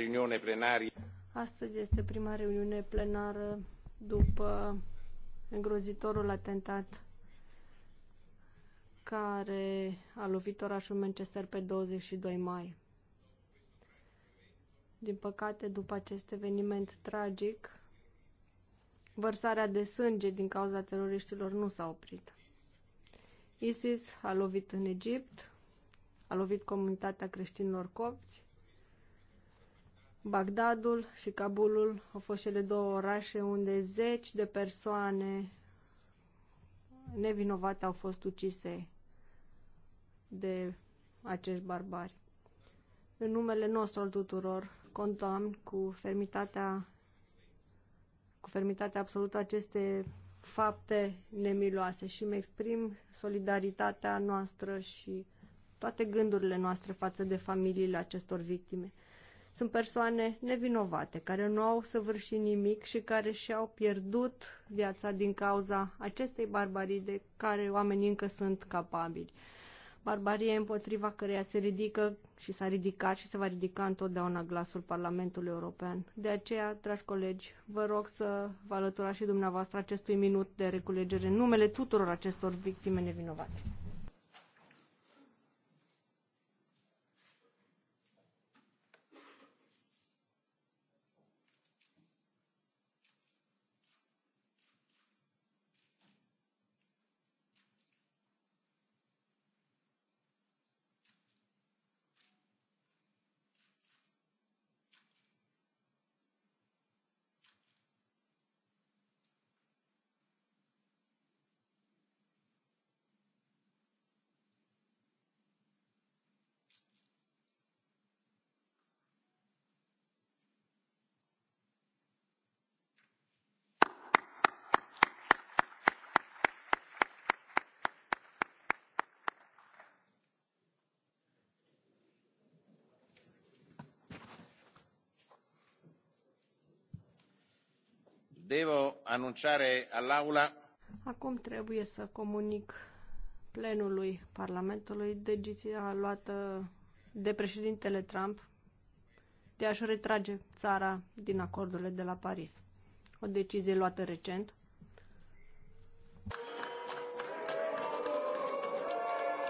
reuniune Astăzi este prima reuniune plenară după îngrozitorul atentat care a lovit orașul Manchester pe 22 mai. Din păcate, după acest eveniment tragic, vărsarea de sânge din cauza teroriștilor nu s-a oprit. ISIS a lovit în Egipt, a lovit comunitatea creștinilor copți, Bagdadul și Kabulul au fost cele două orașe unde zeci de persoane nevinovate au fost ucise de acești barbari. În numele nostru al tuturor, contam cu fermitatea cu fermitatea absolută aceste fapte nemiloase și îmi exprim solidaritatea noastră și toate gândurile noastre față de familiile acestor victime. Sunt persoane nevinovate, care nu au săvârșit nimic și care și-au pierdut viața din cauza acestei barbarii de care oamenii încă sunt capabili. Barbarie împotriva căreia se ridică și s-a ridicat și se va ridica întotdeauna glasul Parlamentului European. De aceea, dragi colegi, vă rog să vă alăturați și dumneavoastră acestui minut de reculegere în numele tuturor acestor victime nevinovate. Devo anunțare all'aula. Acum trebuie să comunic plenului Parlamentului decizia luată de președintele Trump de a-și retrage țara din acordurile de la Paris. O decizie luată recent